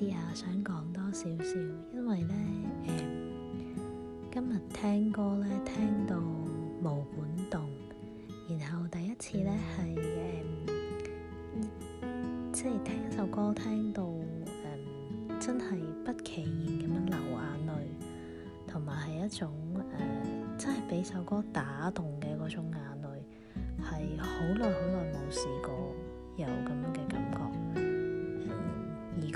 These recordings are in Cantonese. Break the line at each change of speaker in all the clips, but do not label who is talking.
知啊，想講多少少，因為咧誒、嗯，今日聽歌咧聽到毛管戙，然後第一次咧係誒，即係聽一首歌聽到誒、嗯，真係不期然咁樣流眼淚，同埋係一種誒、嗯，真係俾首歌打動嘅嗰種眼淚係好耐好耐冇試過有咁樣嘅感覺。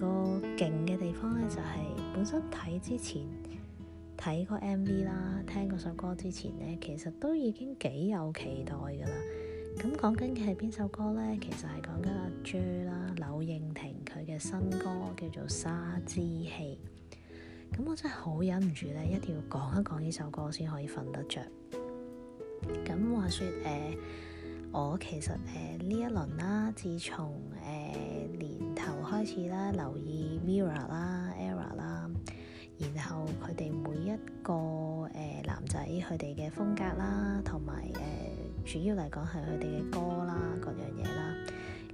個勁嘅地方咧，就係本身睇之前睇個 MV 啦，聽嗰首歌之前咧，其實都已經幾有期待噶啦。咁講緊嘅係邊首歌咧？其實係講緊阿 J 啦，柳應廷佢嘅新歌叫做《砂之器》。咁我真係好忍唔住咧，一定要講一講呢首歌先可以瞓得着。咁話說誒、呃，我其實誒呢、呃、一輪啦、啊，自從誒、呃開始啦，留意 Mirror 啦 Era 啦，然後佢哋每一個誒、呃、男仔佢哋嘅風格啦，同埋誒主要嚟講係佢哋嘅歌啦，各樣嘢啦，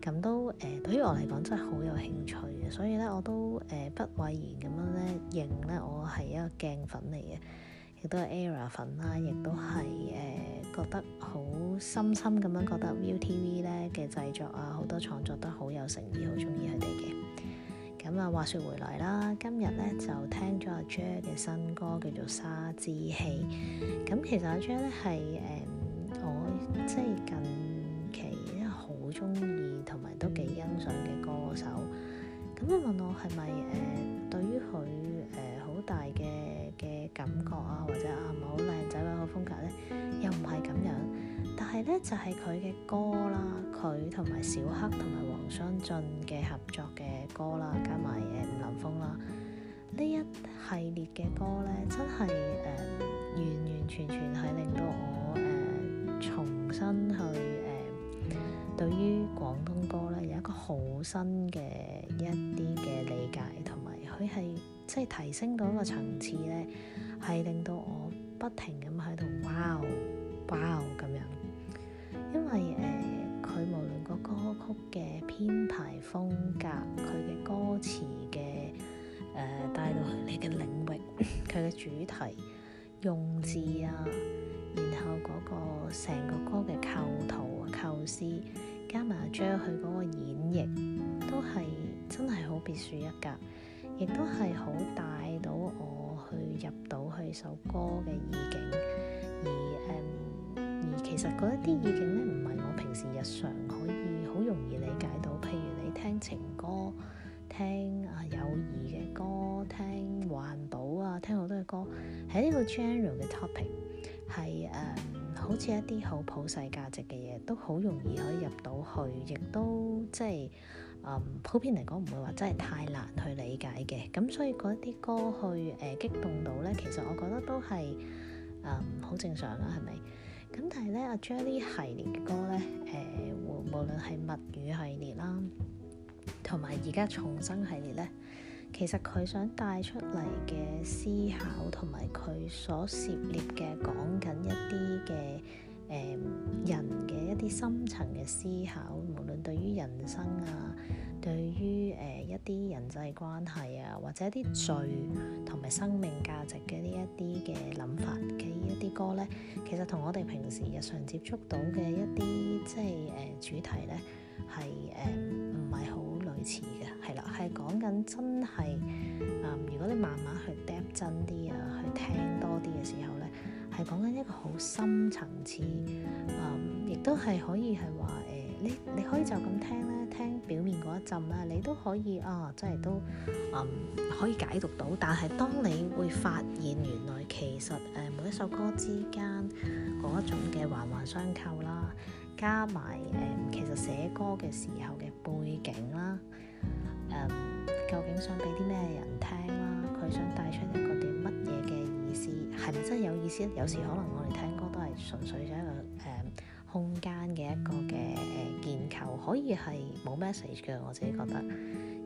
咁都誒、呃、對於我嚟講真係好有興趣嘅，所以咧我都誒、呃、不諱言咁樣咧認咧我係一個鏡粉嚟嘅。亦都係 error、啊、粉啦，亦都係誒、呃、覺得好深深咁樣覺得 ViuTV 咧嘅製作啊，好多創作都好有誠意，好中意佢哋嘅。咁啊，話說回來啦，今日咧就聽咗阿 Jer 嘅新歌叫做《砂之器》。咁其實阿 Jer 咧係誒我即係近期好中意同埋都幾欣賞嘅歌手。咁你問我係咪誒對於佢大嘅嘅感覺啊，或者啊唔係好靚仔嘅好風格咧，又唔係咁樣，但係咧，就係佢嘅歌啦，佢同埋小黑同埋黃雙俊嘅合作嘅歌啦，加埋誒、呃、吳林峰啦，呢一系列嘅歌咧，真係誒、呃、完完全全係令到我誒、呃、重新去誒、呃、對於廣東歌咧有一個好新嘅一啲嘅理解同埋。即係提升到一個層次咧，係令到我不停咁喺度 wow，wow 咁樣。因為誒，佢、呃、無論個歌曲嘅編排風格，佢嘅歌詞嘅誒、呃、帶到去你嘅領域，佢嘅主題、用字啊，然後嗰個成個歌嘅構圖、構思，加埋將佢嗰個演繹，都係真係好別樹一格。亦都係好帶到我去入到去首歌嘅意境，而誒、嗯、而其實嗰一啲意境咧，唔係我平時日常可以好容易理解到。譬如你聽情歌、聽啊友誼嘅歌、聽環保啊、聽好多嘅歌，喺呢個 general 嘅 topic，係誒、嗯、好似一啲好普世價值嘅嘢，都好容易可以入到去，亦都即係。普遍嚟講唔會話真係太難去理解嘅，咁所以嗰啲歌去誒、呃、激動到呢，其實我覺得都係好、呃、正常啦，係咪？咁但係呢，阿 Jer 系列嘅歌呢，誒、呃、無論係物語系列啦，同埋而家重生系列呢，其實佢想帶出嚟嘅思考同埋佢所涉獵嘅講緊一啲嘅。誒、呃、人嘅一啲深層嘅思考，無論對於人生啊，對於誒、呃、一啲人際關係啊，或者一啲罪同埋生命價值嘅呢一啲嘅諗法嘅呢一啲歌咧，其實同我哋平時日常接觸到嘅一啲即係誒、呃、主題咧，係誒唔係好類似嘅。係啦，係講緊真係，嗯、呃，如果你慢慢去 dep 真啲啊，去聽多啲嘅時候咧。係講緊一個好深層次，誒、嗯，亦都係可以係話，誒、呃，你你可以就咁聽咧，聽表面嗰一陣啦，你都可以，哦、啊，即係都，誒、嗯，可以解讀到。但係當你會發現，原來其實誒、呃、每一首歌之間嗰種嘅環環相扣啦，加埋誒、呃、其實寫歌嘅時候嘅背景啦、呃，究竟想俾啲咩人聽啦，佢想帶出一個啲乜嘢嘅意思係咪真係有意思咧？有時可能我哋聽歌都係純粹就一個誒、呃、空間嘅一個嘅誒建構可以係冇 message 嘅。我自己覺得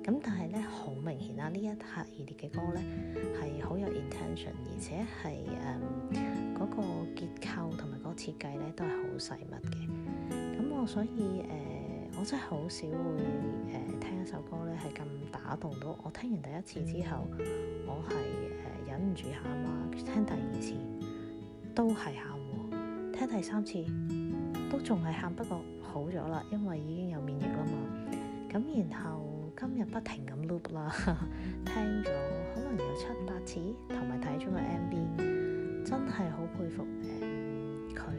咁，但係咧好明顯啦，呢一刻而列嘅歌咧係好有 intention，而且係誒、嗯嗰個結構同埋個設計咧都係好細密嘅。咁我所以誒、呃、我真係好少會誒、呃、聽一首歌咧係咁打動到我。聽完第一次之後我係誒、呃、忍唔住喊。聽第二次都係喊，聽第三次都仲係喊，不過好咗啦，因為已經有免疫啦嘛。咁然後今日不停咁 loop 啦， 聽咗可能有七八次，同埋睇咗個 MV，真係好佩服佢、呃、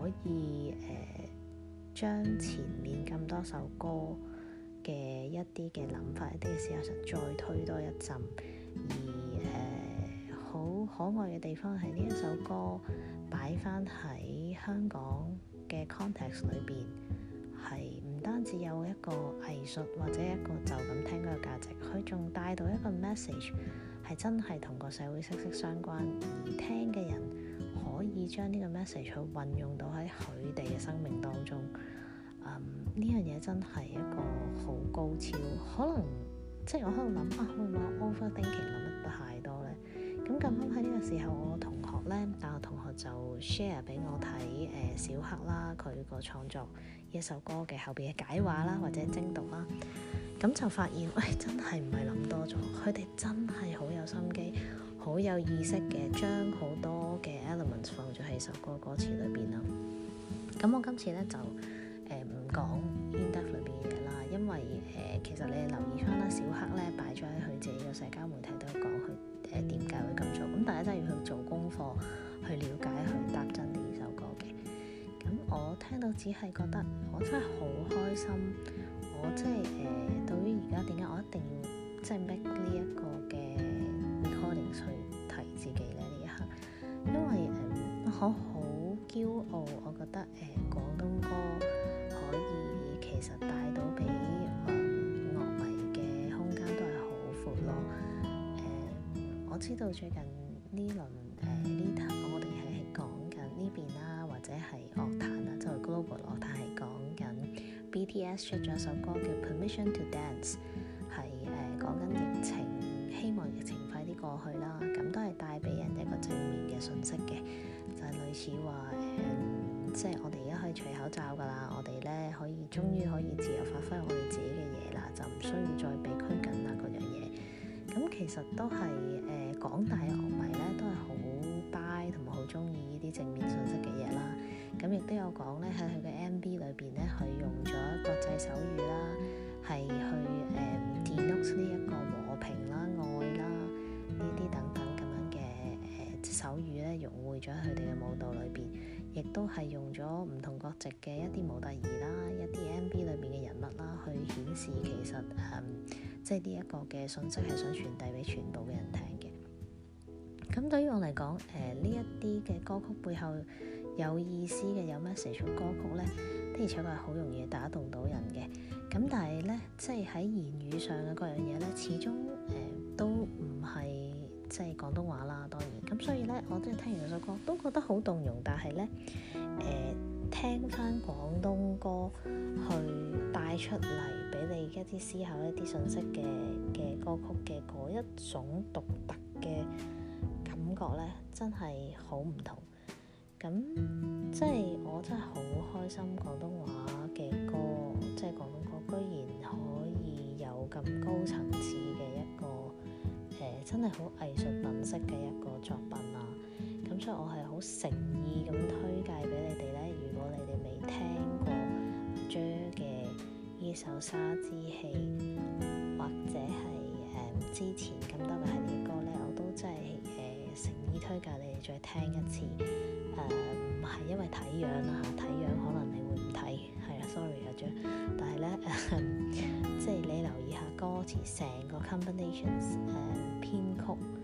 可以誒將、呃、前面咁多首歌嘅一啲嘅諗法，一啲嘅思想上再推多一浸，而、呃可愛嘅地方係呢一首歌擺翻喺香港嘅 context 裏邊，係唔單止有一個藝術或者一個就咁聽嘅價值，佢仲帶到一個 message，係真係同個社會息息相關，而聽嘅人可以將呢個 message 去運用到喺佢哋嘅生命當中。嗯，呢樣嘢真係一個好高超，可能即係我喺度諗啊，會唔會 overthinking 諗得太？咁咁啱喺呢個時候，我同學咧大學同學就 share 俾我睇誒、呃、小黑啦，佢個創作一首歌嘅後邊嘅解話啦，或者精讀啦。咁就發現，喂、哎，真係唔係諗多咗，佢哋真係好有心機，好有意識嘅，將好多嘅 elements 放咗喺首歌歌詞裏邊啦。咁我今次咧就誒唔講 in depth 裏邊嘅嘢啦，因為誒、呃、其實你留意翻啦，小黑咧擺咗喺佢自己嘅社交媒體都有講佢。誒點解會咁做？咁大家真係要去做功課去了解去搭真呢首歌嘅。咁、嗯、我聽到只係覺得我真係好開心，我即係誒對於而家點解我一定要即係、就是、make 呢一個嘅 recording 去提自己咧呢一刻，因為、呃、我好驕傲，我覺得誒、呃、廣東歌可以其實帶到畀。知道最近呢輪誒呢頭，呃、我哋係係講緊呢邊啦，或者係樂壇啦，即係 global 樂壇係講緊 BTS 出咗首歌叫《Permission to Dance》，呃，係誒講緊疫情，希望疫情快啲過去啦。咁都係帶俾人哋一個正面嘅信息嘅，就係類似話誒即係我哋而家可以除口罩㗎啦，我哋咧可以終於可以自由發揮我哋自己嘅嘢啦，就唔需要再俾佢。咁其實都係誒廣大嘅樂迷咧，都係好 buy 同埋好中意呢啲正面信息嘅嘢啦。咁亦都有講咧，喺佢嘅 MV 裏邊咧，佢用咗國際手語啦，係去誒展露呢一個和平啦、啊、愛啦呢啲等等咁樣嘅誒、呃、手語咧，融匯咗佢哋嘅舞蹈裏邊。亦都係用咗唔同國籍嘅一啲模特兒啦，一啲 MV 裏面嘅人物啦，去顯示其實、嗯、即係呢一個嘅信息係想傳遞俾全部嘅人聽嘅。咁對於我嚟講，誒呢一啲嘅歌曲背後有意思嘅有 message 歌曲呢，的而且確係好容易打動到人嘅。咁但係呢，即係喺言語上嘅各樣嘢呢，始終、呃、都。即係廣東話啦，當然咁，所以呢，我真係聽完嗰首歌都覺得好動容。但係呢，誒、呃，聽翻廣東歌去帶出嚟俾你一啲思考、一啲信息嘅嘅歌曲嘅嗰一種獨特嘅感覺呢，真係好唔同。咁即係我真係好開心，廣東話嘅歌，即係廣東歌，居然可以有咁高層次嘅真係好藝術品式嘅一個作品啦、啊，咁所以我係好誠意咁推介俾你哋咧。如果你哋未聽過 Jer 嘅呢首《砂之器》，或者係誒、嗯、之前咁多嘅系列歌咧，我都真係誒誠意推介你哋再聽一次。誒唔係因為睇樣啦嚇，睇樣可能你會唔睇。sorry 阿張，但係咧即係你留意下歌詞成個 combinations 誒、嗯、編曲。